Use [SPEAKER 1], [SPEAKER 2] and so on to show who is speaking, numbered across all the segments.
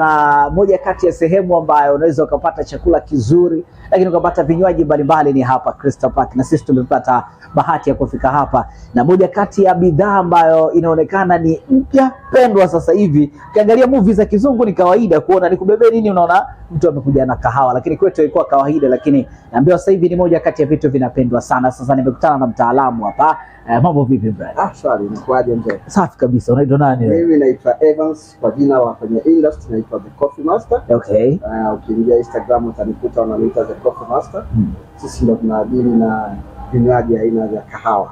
[SPEAKER 1] na moja kati ya sehemu ambayo unaweza ukapata chakula kizuri lakini ukapata vinywaji mbalimbali ni hapa Crystal Park, na sisi tumepata bahati ya kufika hapa, na moja kati ya bidhaa ambayo inaonekana ni mpya pendwa sasa hivi. Ukiangalia movie za kizungu ni kawaida kuona nikubebe nini, unaona mtu amekuja na kahawa, lakini kwetu ilikuwa kawaida, lakini naambiwa sasa hivi ni moja kati ya vitu vinapendwa sana. Sasa nimekutana na mtaalamu hapa. Eh, mambo vipi brother?
[SPEAKER 2] Ah, ni kwaje mzee?
[SPEAKER 1] Safi kabisa. Unaitwa nani?
[SPEAKER 2] Mimi naitwa Evans kwa jina la kwenye industry naitwa The Coffee Master. Okay. Uh, ukiingia Instagram utanikuta unaniita The Coffee Master. Hmm. Sisi ndo tunaadili na vinywaji aina vya kahawa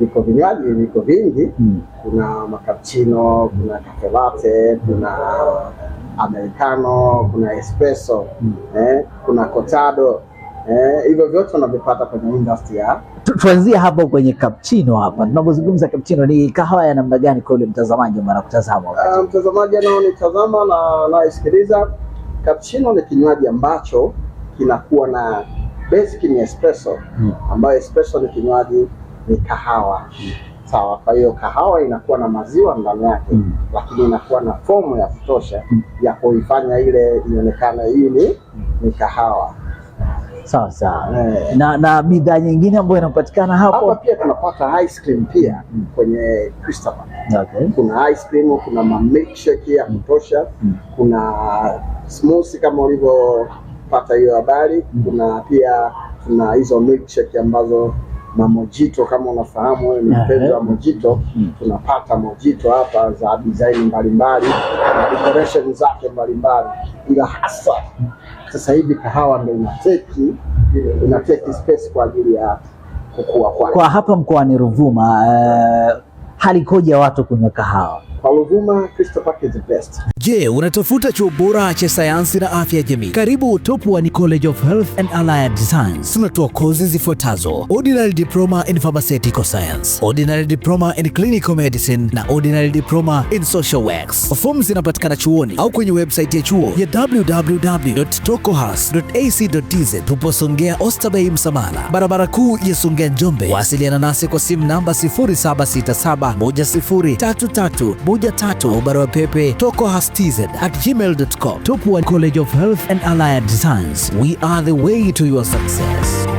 [SPEAKER 2] viko vinywaji viko vingi Hmm. Kuna makapuchino, kuna cafe latte, kuna americano, kuna espresso hmm. Eh, kuna cortado eh, hivyo vyote unavipata kwenye industry ya
[SPEAKER 1] tuanzie hapo kwenye cappuccino hapa. Tunapozungumza cappuccino, ni kahawa ya namna gani kwa yule mtazamaji ambaye anakutazama Uh,
[SPEAKER 2] ah, Mtazamaji anaonitazama na anayesikiliza, cappuccino ni kinywaji ambacho kinakuwa na basic ni espresso hmm, ambayo espresso ni kinywaji ni kahawa hmm. Sawa. Kwa hiyo kahawa inakuwa na maziwa ndani yake hmm. lakini inakuwa na fomu ya kutosha hmm. ya kuifanya ile ionekane hii ni hmm. kahawa
[SPEAKER 1] sawa sawa. Eh. Na, na bidhaa nyingine ambayo inapatikana hapo
[SPEAKER 2] hapa pia tunapata ice cream pia mm. kwenye Christopher. Okay. Kuna ice cream, kuna milkshake ya mm. kutosha mm. kuna smoothie kama ulivyopata hiyo habari mm. kuna pia tuna hizo milkshake ambazo na mojito kama unafahamu wewe ni mpenzi wa mojito mm. tunapata mojito hapa za design mbalimbali na decoration zake mbalimbali, ila hasa mm. Sasa hivi kahawa ndio inateki inateki space kwa ajili ya kukua kwa.
[SPEAKER 1] Kwa hapa mkoani Ruvuma, uh, eh, hali watu kunywa kahawa?
[SPEAKER 2] Paluvuma Crystal Park the best.
[SPEAKER 3] Je, unatafuta chuo bora cha sayansi na afya ya jamii? Karibu Top One College of Health and Allied Science. Tunatoa kozi zifuatazo: Ordinary Diploma in Pharmaceutical Science, Ordinary Diploma in Clinical Medicine na Ordinary Diploma in Social Works. Fomu zinapatikana chuoni au kwenye website ya chuo ya www.tokohas.ac.tz. Tupo Songea Oysterbay Msamala, barabara kuu ya Songea Njombe. Wasiliana nasi kwa simu namba 07671033 moja tatu au barua pepe tokohastz at gmail.com. Tupwa College of Health and Allied Science, we are the way to your success.